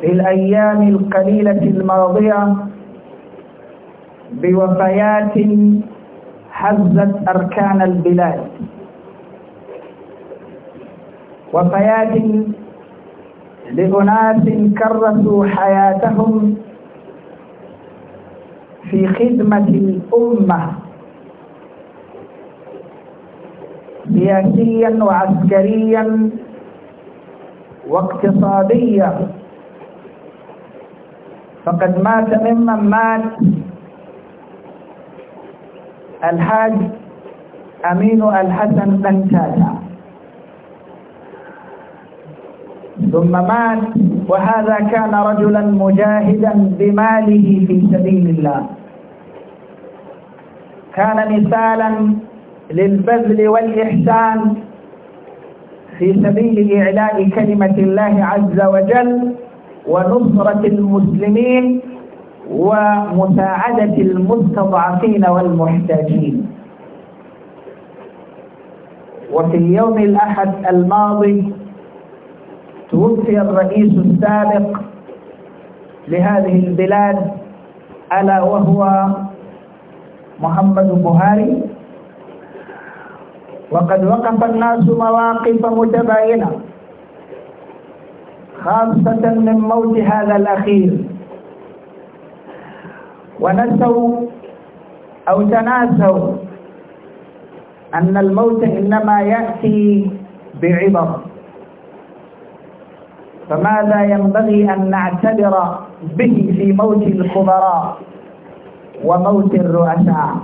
في الأيام القليلة الماضية بوفيات هزت أركان البلاد وفيات لأناس كرسوا حياتهم في خدمة الأمة سياسيا وعسكريا واقتصاديا فقد مات ممن مات الحاج أمين الحسن بن تاتا ثم مات وهذا كان رجلا مجاهدا بماله في سبيل الله كان مثالا للبذل والإحسان في سبيل إعلاء كلمة الله عز وجل ونصرة المسلمين ومساعدة المستضعفين والمحتاجين وفي يوم الأحد الماضي توفي الرئيس السابق لهذه البلاد ألا وهو محمد بهاري وقد وقف الناس مواقف متباينه خاصة من موت هذا الأخير ونسوا أو تناسوا أن الموت إنما يأتي بعبر فماذا ينبغي أن نعتبر به في موت الخبراء وموت الرؤساء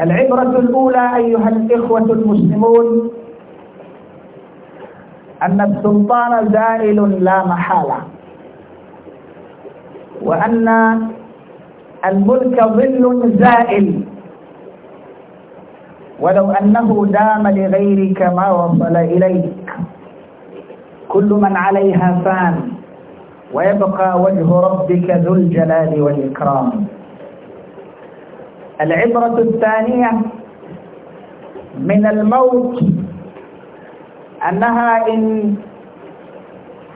العبرة الأولى أيها الإخوة المسلمون أن السلطان زائل لا محالة وأن الملك ظل زائل ولو أنه دام لغيرك ما وصل إليك كل من عليها فان ويبقى وجه ربك ذو الجلال والإكرام العبرة الثانية من الموت أنها إن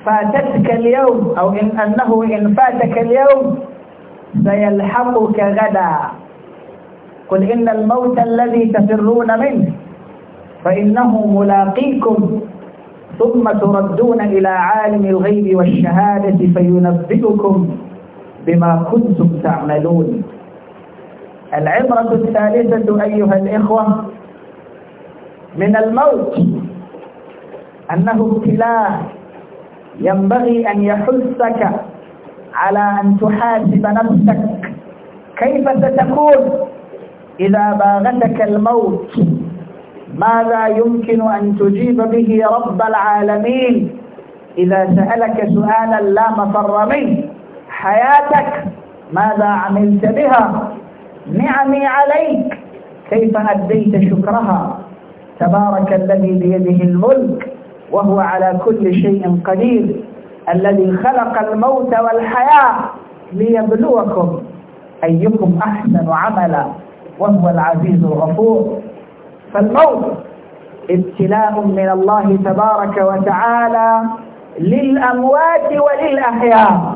فاتتك اليوم أو إن أنه إن فاتك اليوم سيلحقك غدا قل إن الموت الذي تفرون منه فإنه ملاقيكم ثم تردون إلى عالم الغيب والشهادة فينبئكم بما كنتم تعملون العبرة الثالثة أيها الإخوة من الموت أنه ابتلاء ينبغي أن يحثك على أن تحاسب نفسك كيف ستكون إذا باغتك الموت ماذا يمكن أن تجيب به رب العالمين إذا سألك سؤالا لا مفر منه حياتك ماذا عملت بها نعمي عليك كيف أديت شكرها تبارك الذي بيده الملك وهو على كل شيء قدير الذي خلق الموت والحياة ليبلوكم أيكم أحسن عملا وهو العزيز الغفور فالموت ابتلاء من الله تبارك وتعالى للأموات وللأحياء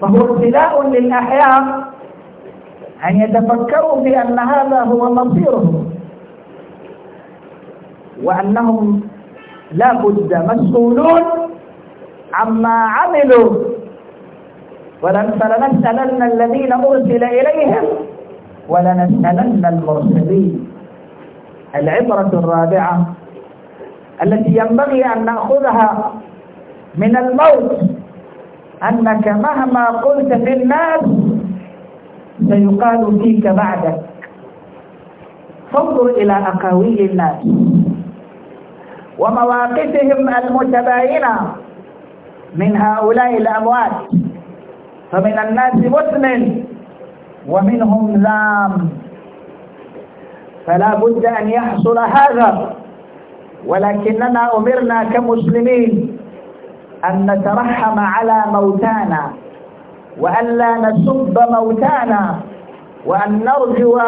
فهو ابتلاء للأحياء أن يتفكروا بأن هذا هو مصيرهم وأنهم لا بد مسؤولون عما عملوا فلنسألن الذين أرسل إليهم ولنسألن المرسلين العبرة الرابعة التي ينبغي أن نأخذها من الموت أنك مهما قلت في الناس سيقال فيك بعدك فانظر إلى أقاويل الناس ومواقفهم المتباينة من هؤلاء الأموات فمن الناس مسلم ومنهم لام فلا بد أن يحصل هذا ولكننا أمرنا كمسلمين أن نترحم على موتانا وألا نسب موتانا وأن نرجو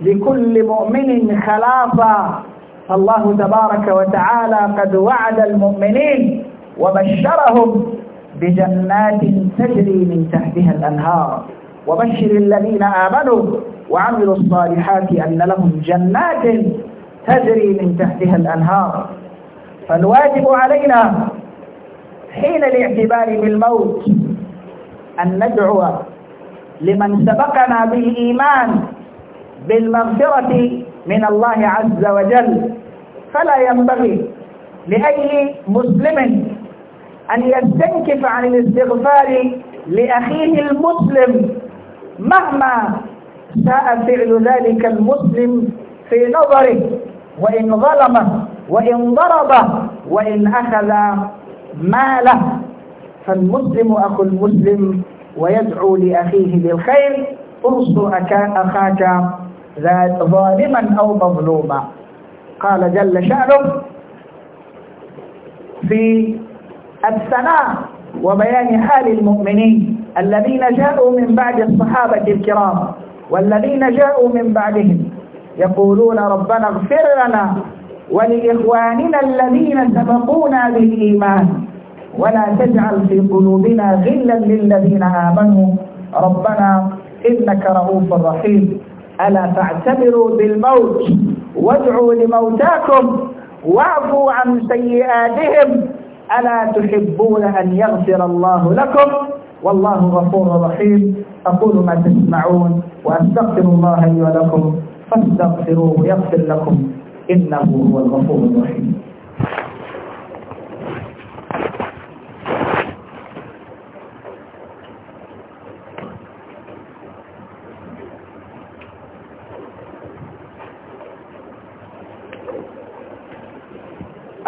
لكل مؤمن خلافا فالله تبارك وتعالى قد وعد المؤمنين وبشرهم بجنات تجري من تحتها الأنهار وبشر الذين آمنوا وعملوا الصالحات أن لهم جنات تجري من تحتها الأنهار فالواجب علينا حين الاعتبار بالموت أن ندعو لمن سبقنا بالإيمان بالمغفرة من الله عز وجل فلا ينبغي لأي مسلم أن يستنكف عن الاستغفار لأخيه المسلم مهما ساء فعل ذلك المسلم في نظره وإن ظلمه وإن ضربه وإن أخذ ماله فالمسلم أخو المسلم ويدعو لأخيه بالخير انصر أخاك ظالما أو مظلوما قال جل شأنه في الثناء وبيان حال المؤمنين الذين جاءوا من بعد الصحابة الكرام والذين جاءوا من بعدهم يقولون ربنا اغفر لنا ولإخواننا الذين سبقونا بالإيمان ولا تجعل في قلوبنا غلا للذين آمنوا ربنا إنك رؤوف رحيم ألا فاعتبروا بالموت وادعوا لموتاكم واعفوا عن سيئاتهم ألا تحبون أن يغفر الله لكم والله غفور رحيم أقول ما تسمعون وأستغفر الله لي ولكم فاستغفروه يغفر لكم إنه هو الغفور الرحيم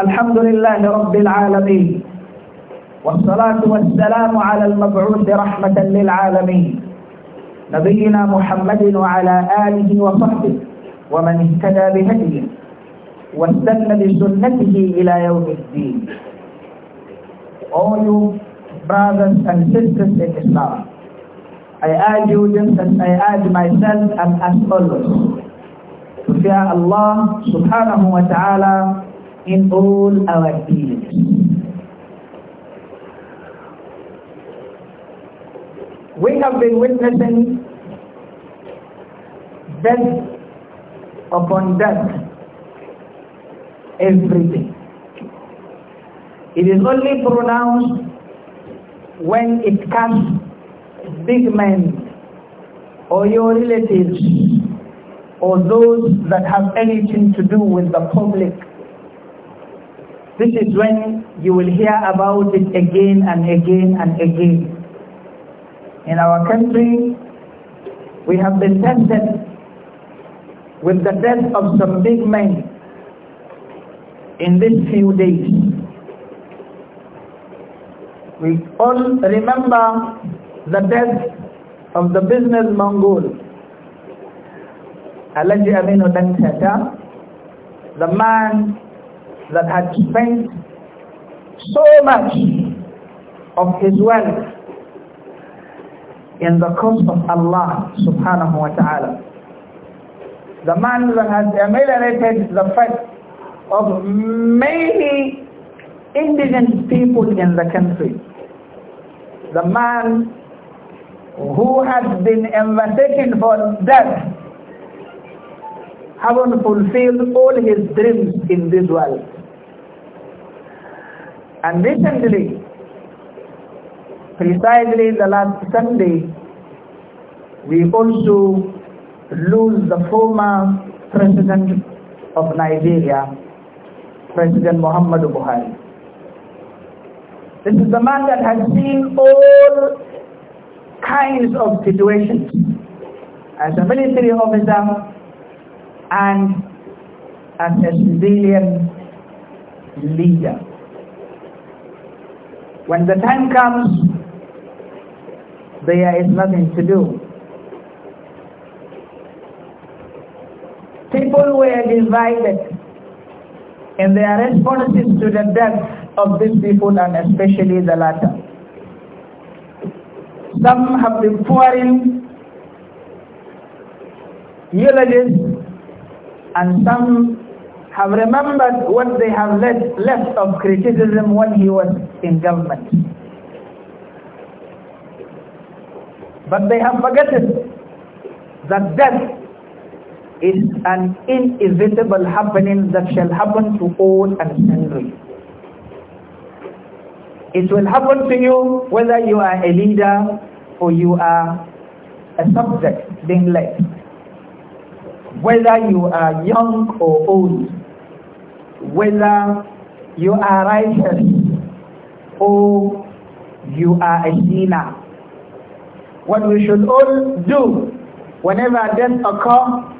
الحمد لله رب العالمين والصلاة والسلام على المبعوث رحمة للعالمين نبينا محمد وعلى آله وصحبه ومن اهتدى بهديه واستنى بسنته إلى يوم الدين All you brothers and sisters in Islam I add you just as I add myself and as follows to fear Allah subhanahu wa ta'ala in all our dealings. We have been witnessing death upon death every day. It is only pronounced when it comes big men or your relatives or those that have anything to do with the public this is when you will hear about it again and again and again. In our country, we have been tested with the death of some big men in these few days. We all remember the death of the business mogul, Alaji Aminu Dankata, the man that had spent so much of his wealth in the cause of Allah subhanahu wa ta'ala. The man that has ameliorated the fate of many indigent people in the country. The man who has been invited for death haven't fulfilled all his dreams in this world. And recently, precisely the last Sunday, we also lose the former president of Nigeria, President Muhammadu Buhari. This is the man that has seen all kinds of situations as a military officer and as a civilian leader. When the time comes, there is nothing to do. People were divided in their responses to the death of these people and especially the latter. Some have been pouring eulogies and some have remembered what they have left, left of criticism when he was in government. But they have forgotten that death is an inevitable happening that shall happen to all and sundry. It will happen to you whether you are a leader or you are a subject being led. Whether you are young or old, whether you are righteous or you are a sinner. What we should all do whenever death occurs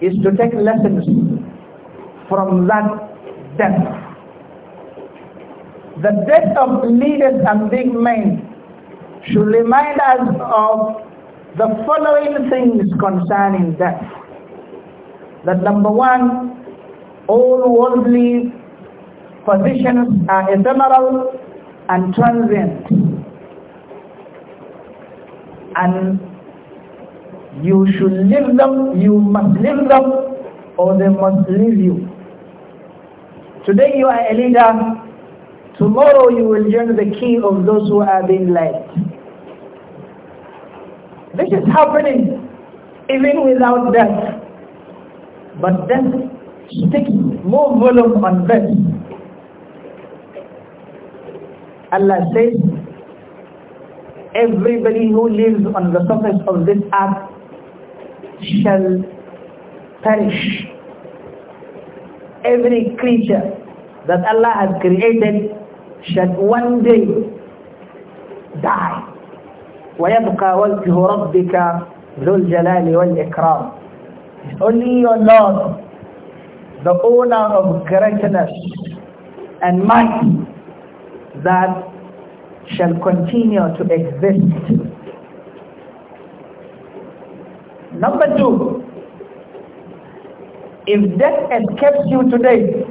is to take lessons from that death. The death of leaders and big men should remind us of the following things concerning death. That number one, all worldly positions are ephemeral and transient. And you should leave them, you must leave them, or they must leave you. Today you are a leader, tomorrow you will join the key of those who are being led. This is happening even without death. But death sticky, more volume on verse. Allah says, everybody who lives on the surface of this earth shall perish. Every creature that Allah has created shall one day die. ويبقى وجه ربك ذو الجلال والإكرام. Only your Lord the owner of greatness and might that shall continue to exist. Number two, if death escapes you today,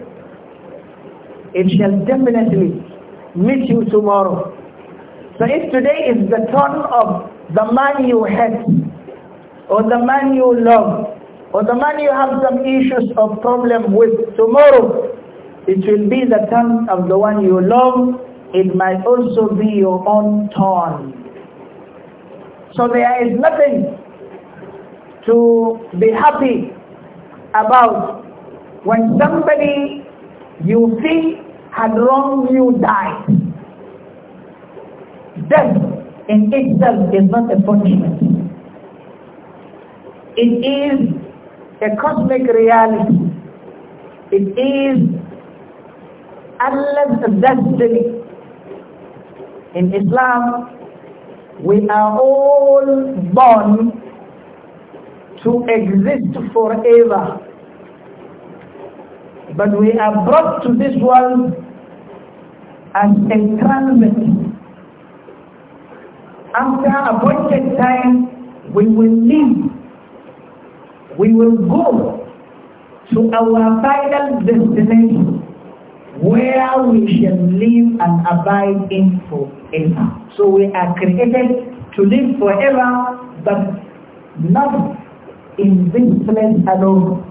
it shall definitely meet you tomorrow. So if today is the turn of the man you hate or the man you love or the man you have some issues or problem with tomorrow, it will be the tongue of the one you love. It might also be your own tongue. So there is nothing to be happy about when somebody you see had wronged you died. Death in itself is not a punishment. It is a cosmic reality. It is Allah's destiny. In Islam, we are all born to exist forever. But we are brought to this world as a transit. After appointed time, we will leave we will go to our final destination where we shall live and abide in forever. So we are created to live forever but not in this place alone.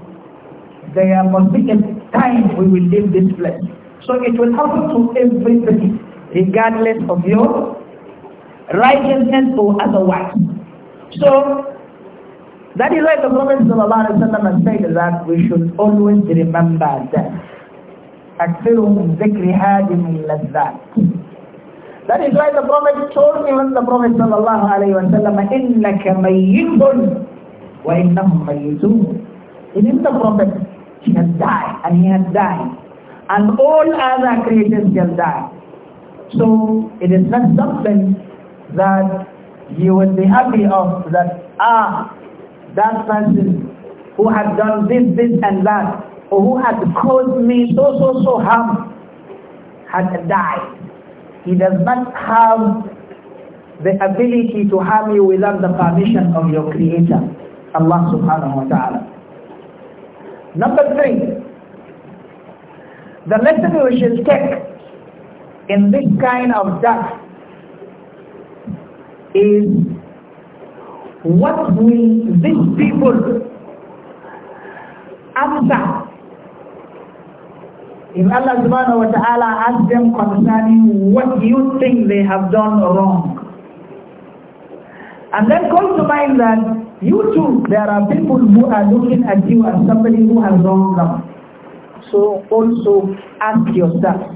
There must be a time we will leave this place. So it will happen to everybody regardless of your righteousness or otherwise. So that is why the Prophet has said that we should always remember that. أكثرهم ذكر هادم اللذات That is why the Prophet told even the Prophet sallallahu alayhi wa sallam إِنَّكَ مَيِّتٌ وَإِنَّهُمْ مَيِّتُونَ It is the Prophet, he has died and he has died and all other creatures shall die. So it is not something that you will be happy of that ah that person who had done this, this and that, or who had caused me so, so, so harm, had died. He does not have the ability to harm you without the permission of your Creator, Allah subhanahu wa ta'ala. Number three, the lesson we should take in this kind of death is What will these people answer if Allah subhanahu wa ta'ala asks them concerning what you think they have done wrong? And then call to mind that you too, there are people who are looking at you as somebody who has wronged them. So also ask yourself,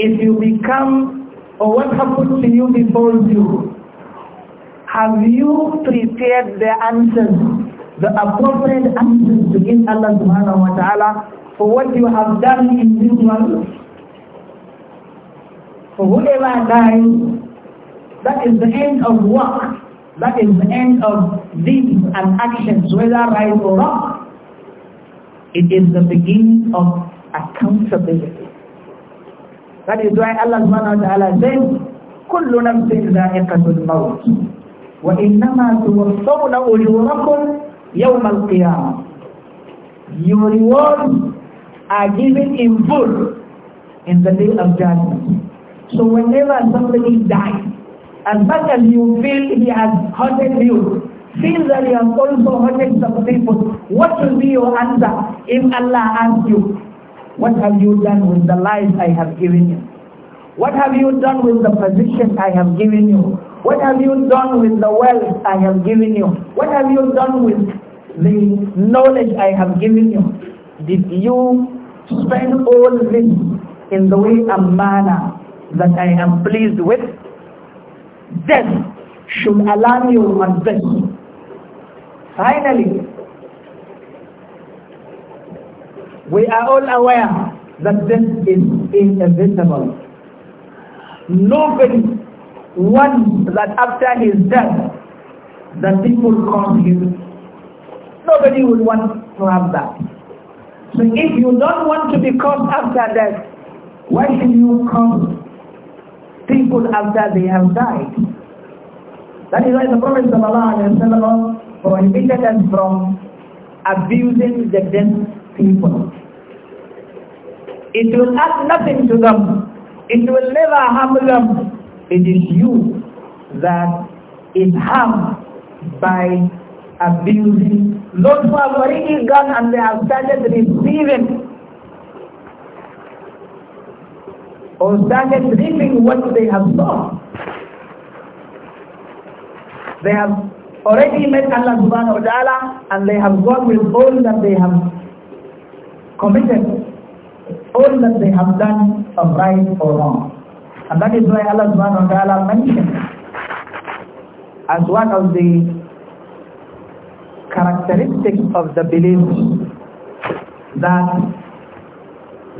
if you become or what happened to you before you, have you prepared the answers, the appropriate answers to give Allah subhanahu wa ta'ala for what you have done in this world? For whoever dies, that is the end of work. That is the end of deeds and actions, whether right or wrong. It is the beginning of accountability. That is why Allah subhanahu wa ta'ala says, كل نفس ذائقة الموت وإنما توفون أجوركم يوم القيامة Your rewards are given in full in the day of judgment. So whenever somebody dies, as much as you feel he has hurted you, feel that you have also hurted some people, what will be your answer if Allah asks you, what have you done with the life I have given you? What have you done with the position I have given you? What have you done with the wealth I have given you? What have you done with the knowledge I have given you? Did you spend all this in the way and manner that I am pleased with? Death should alarm you on this. Finally, we are all aware that death is inevitable. Nobody one that after his death, the people come here. Nobody will want to have that. So if you don't want to be cursed after death, why should you come? people after they have died? That is why the Prophet ﷺ prohibited us from abusing the dead people. It will add nothing to them. It will never harm them it is you that is harmed by abusing. Those who have already gone and they have started receiving or started reaping what they have sown. They have already met Allah subhanahu wa ta'ala and they have gone with all that they have committed, all that they have done of right or wrong. And that is why Allah subhanahu wa ta'ala mentioned as one of the characteristics of the believers that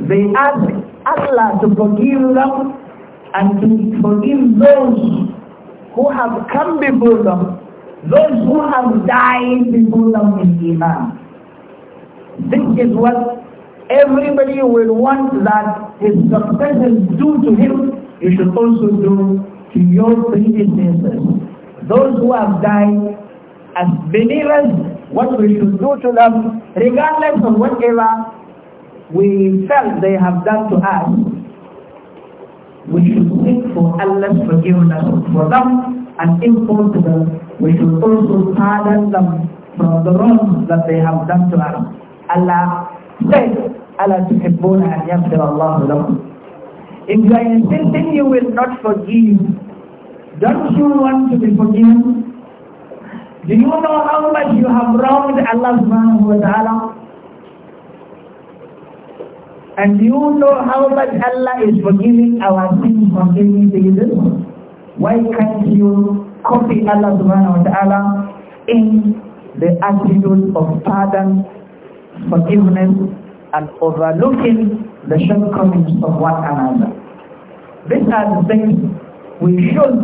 they ask Allah to forgive them and to forgive those who have come before them, those who have died before them in Iman. This is what everybody will want that his is do to him you should also do to your predecessors. Those who have died as believers, what we should do to them, regardless of whatever we felt they have done to us, we should seek for Allah's forgiveness for them and in return them. We should also pardon them from the wrongs that they have done to us. Allah said, ألا تحبون أن يغفر الله لكم if you are insisting you will not forgive, don't you want to be forgiven? Do you know how much you have wronged Allah subhanahu wa ta'ala? And do you know how much Allah is forgiving our sins from any reason? Why can't you copy Allah subhanahu wa ta'ala in the attitude of pardon, forgiveness, and overlooking the shortcomings of one another. These are the things we should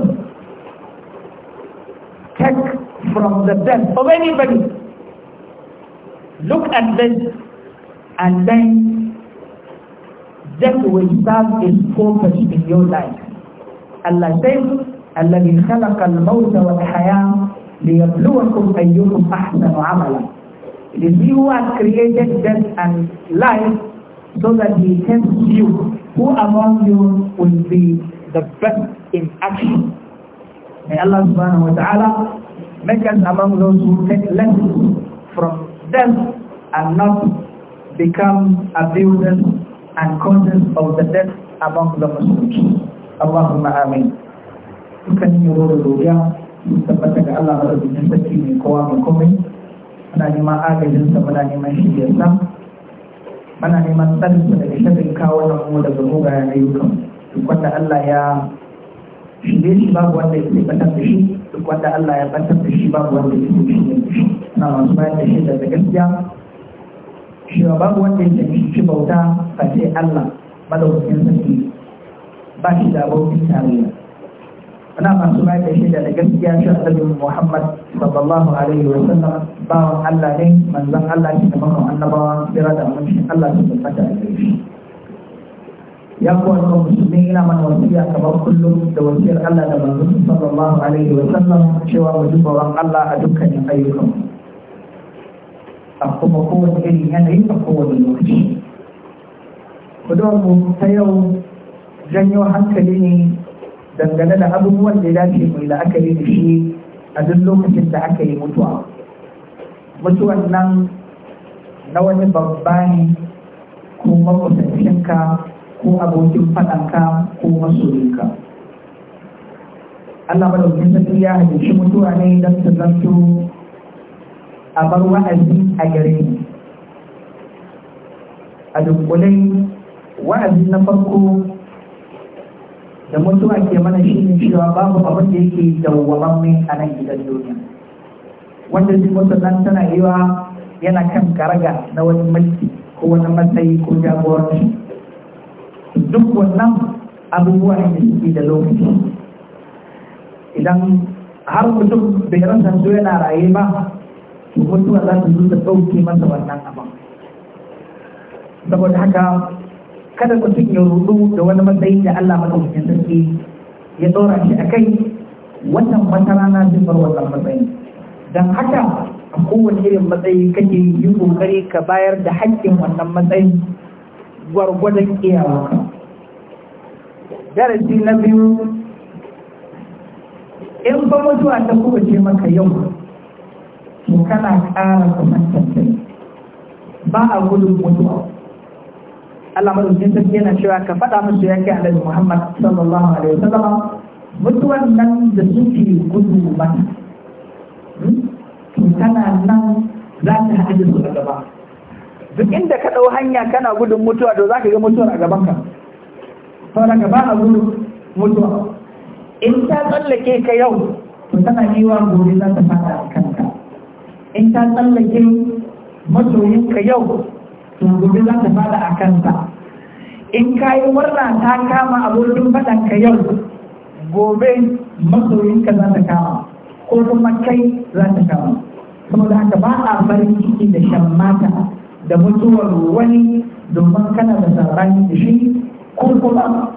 take from the death of anybody. Look at this and then that will serve its purpose in your life. Allah says, الذي خلق الموت والحياة ليبلوكم أيكم أحسن عملا it is you who has created death and life so that he tests you. Who among you will be the best in action? May Allah subhanahu wa ta'ala make us among those who take lessons from death and not become abusers and causes of the death among the Muslims. Allahumma amin. Dukkanin Allah muna neman agajinsa muna neman shiryarsa muna neman tsarinsa daga shirin kawo nan mu daga mugayen ayyukan duk wanda Allah ya shirye shi babu wanda ya batar da shi duk wanda Allah ya batar da shi babu wanda ya da shi na masu bayan da shi daga gaskiya cewa babu wanda ya cancanci bauta face Allah madaukakin sarki ba shi da abokin tarayya muna masu bayar da shi da gaskiya shi annabi Muhammad sallallahu alaihi wasallam sallam bawan Allah ne manzon Allah shi da makon annabawa kira da aminci Allah su tabbata a gare shi ya kuwa ko musulmi ina mana wasiya kamar kullum da wasiyar Allah da manzon sallallahu alaihi wasallam sallam cewa mu ji tsoron Allah a dukkanin ayyukan a kuma kowace irin yanayi a kowane lokaci. Kudurmu ta yau janyo hankali ne dangane da abubuwan da ya dace mai la'akari da shi a duk lokacin da aka yi mutuwa mutuwan nan na wani babba ne ko makwasancinka ko abokin faɗanka ko masoyinka Allah wajen sarki ya hajjaci mutuwa ne don ta zanto a bar wa'azi a gare ni a dunkulai wa'azi na farko da mutuwa ke mana shi ne cewa babu abin da yake mai a nan gidan duniya wanda zai wata nan tana yiwa yana kan karaga na wani mulki ko wani matsayi ko jagoranci duk wannan abubuwa ne da suke da lokaci idan har mutum bai rasa su yana raye ba to mutuwa za ta zo ɗauke masa wannan abin saboda haka kada mutum ya rudu da wani matsayi da Allah madaukakin sarki ya dora shi a kai wannan wata rana zai bar wannan matsayi don haka a kowane irin matsayi kake yi kokari ka bayar da haƙƙin wannan matsayin gwargwadon iyawarka darasi na biyu in ba mutuwa ta kubace maka yau to kana ƙara kusantar ba a gudun mutuwa Allah madaukakin sarki yana cewa ka faɗa musu ya kai Annabi Muhammad sallallahu alaihi wasallam mutuwan nan da suke gudu mata hmm? to tana nan za ta haɗu da su a gaba duk inda ka ɗau hanya kana gudun mutuwa to za ka ga mutuwar a gaban ka sauran gaba a gudun mutuwa in ta tsallake ka yau to tana yiwa gobe za ta fada a kanka in ta tsallake masoyinka yau gobe za ta fada a kanta in ka yi murna ta kama a faɗan ka yau gobe masoyinka za ta kama ko kuma kai za ta kama saboda haka ba a farin ciki da shan mata da mutuwar wani domin kana da sarrani da shi kurkuma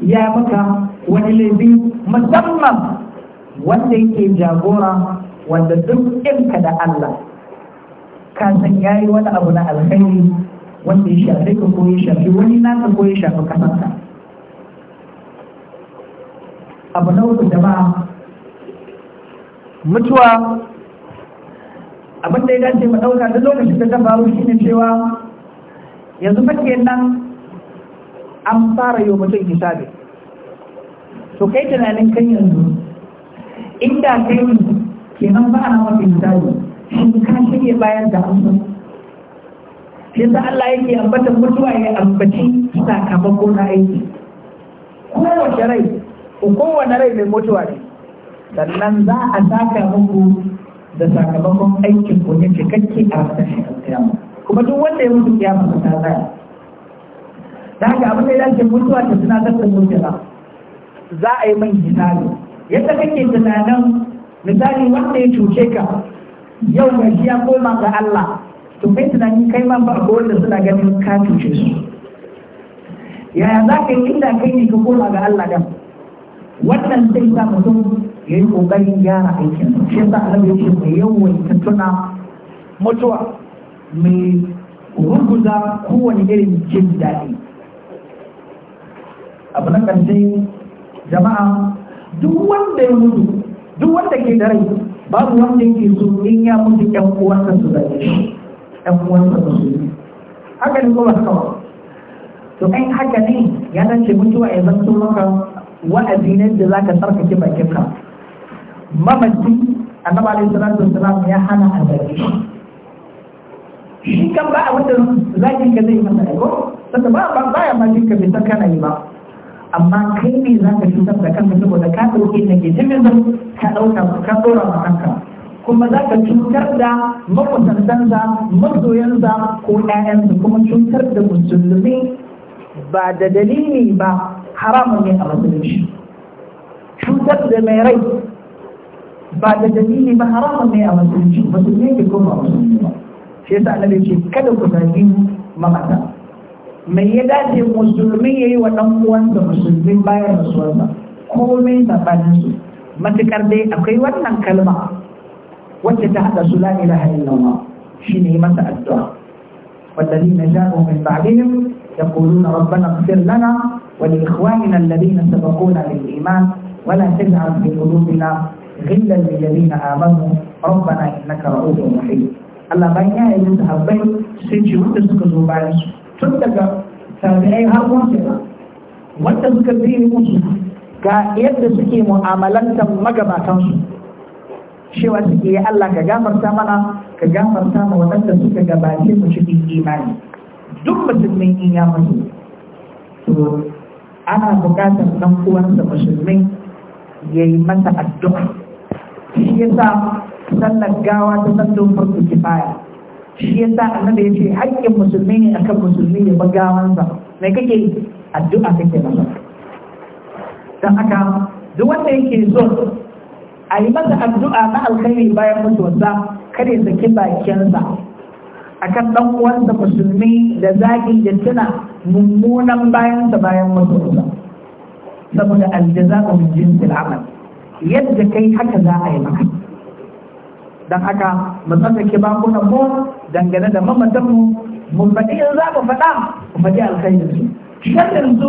ya maka wani laifi musamman wanda yake jagora wanda duk ɗinka da Allah ka san yi wani abu na alkhairi wanda ya shafi ka ko ya shafi wani nasa ko ya shafi kasarsa abu na uku jama'a mutuwa abin da ya dace mu ɗauka duk lokacin da ta faru ne cewa yanzu ke nan an fara yi wa mutum hisabi to kai tunanin kan yanzu inda kai kenan ba a ana mafi hisabi ka shirya bayan da amsa yadda Allah yake ambatan mutuwa ya ambaci sakamako na aiki kowace rai kowane rai mai mutuwa ne sannan za a saka muku da sakamakon aikin ku ne cikakke a ranar shekaru kuma duk wanda ya mutu kiyama ta zaya? da haka abin da ya dace mutuwa ta suna tattar mutuwa za a yi man hisabi yadda kake tunanin misali wanda ya cuce ka yau ya shi ya koma ga Allah to kai tunani kai ma ba ko wanda suna ganin ka cuce su yaya za ka yi inda kai ne ka koma ga Allah dan wannan sai sa mutum ya yi kokarin gyara aikin shi yasa Allah ya ce mai yawaita tuna mutuwa mai ruguza kowane irin jin daɗi abu na ƙarshe jama'a duk wanda ya mutu duk wanda ke da rai babu wanda yake so in ya mutu ƴan uwansa su zaɓe shi ƴan uwansa su su haka ne kuma kawai to ai haka ne ya dace mutuwa ya zanto maka wa'azi ne da za zaka tsarkake bakinka mamaci a annabi alaihi salatu wasalam ya hana a zaɓe shi shi kan ba a wanda zaki ka zai masa aiko saka ba ba ya ma jinka bai san kana yi ba amma kai ne za ka cutar da kanka saboda ka ɗauke na ke jimirin ka ɗauka ka ɗora ma kanka kuma za ka cutar da makusantansa mazoyansa ko ɗayansa kuma cutar da musulmi ba da dalili ba haramun ne a musulunci cutar da mai rai ba da dalili ba haramun ne a musulunci musulmi ke kuma musulmi ba shi yasa annabi ce kada ku zagi mamata mai ya yi wa ɗan uwansa musulmi bayan rasuwarsa komai tsakanin su matukar dai akwai wannan kalma wacce ta haɗa su masa addu'a والذين جاءوا من بعدهم يقولون ربنا اغفر لنا ولإخواننا الذين سبقونا بالإيمان ولا تجعل في قلوبنا غلا للذين آمنوا ربنا إنك رؤوف رحيم الله بين يا أيها الصحابين سجوا تسكتوا بعد tun daga tabi'ai har wasu wanda suka biye musu ga yadda suke mu'amalantar magabatansu cewa suke yi Allah ka gafarta mana ka gafarta ma waɗanda suka gabace mu cikin imani duk musulmin in ya mutu to ana bukatar ɗan uwansa musulmi ya yi masa addu'a shi yasa sallar gawa ta sallar farko kifaya shi ya sa annabi ya ce haƙƙin musulmi ne akan musulmi ya bagawansa mai kake addu'a kake masa don haka duk wanda yake zo a yi masa addu'a na alkhairi bayan mutuwarsa kare saki bakinsa kan ɗan uwansa musulmi da zagi da tuna mummunan bayansa bayan mutuwarsa saboda aljaza ga jinsil silamar yadda kai haka za a yi maka don haka mu tsallake bakunan mu dangane da mamatanmu mu faɗi in za mu faɗa mu faɗi alkhairin su da su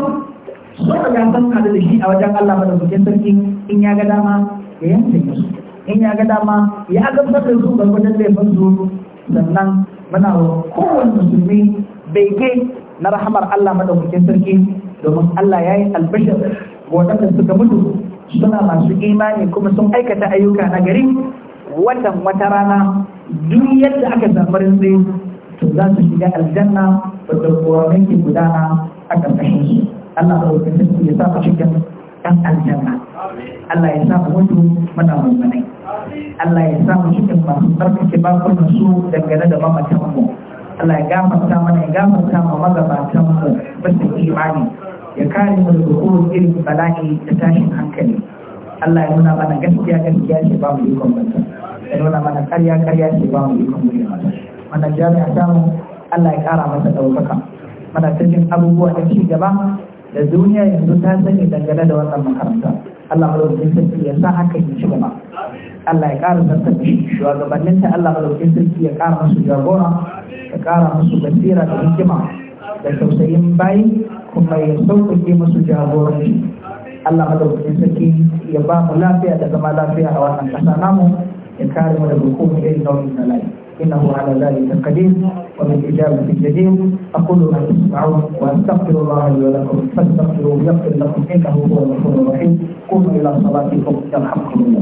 so riga sun kada da shi a wajen Allah mutum sarki in ya ga dama ya yanke su in ya ga dama ya gamsar da su ga gudun laifin su sannan muna wa kowane musulmi ke na rahamar Allah mutum sarki domin Allah ya yi albashir waɗanda suka mutu suna masu imani kuma sun aikata ayyuka na gari watan wata rana duk yadda aka samu rinzi to za su shiga aljanna da koramai ke gudana a ƙarƙashin su Allah ya wakil su ya sa cikin ɗan aljanna Allah ya sa mutu mana mummunai Allah ya sa mu cikin masu tsarkake bakunan su dangane da mamatan mu Allah ya gafarta mana ya gafarta ma magabatan mu basu imani ya kare mu daga kowace irin bala'i da tashin hankali Allah ya nuna mana gaskiya gaskiya ce ba mu ikon bata ya nuna mana karya karya ce ba mu ikon bata wannan jami'a samu Allah ya kara masa ɗaukaka mana cikin abubuwa da ci gaba da duniya yanzu ta sani dangane da wannan makaranta Allah malaukin sarki ya sa haka yi ci gaba Allah ya kara zartar da shugabanninta Allah malaukin sarki ya kara masu jagora ya kara masu basira da hikima da tausayin bayi kuma ya sauƙaƙe masu jagoranci Allah madaukakin sarki ya ba mu lafiya da zama lafiya a wannan ƙasa namu ya kare mu daga kowane irin إنه على ذلك قدير وبالإجابة جدير أقول ما تسمعون وأستغفر الله لي ولكم فاستغفروه يغفر لكم إنه هو الغفور الرحيم قوموا إلى صلاتكم يرحمكم الله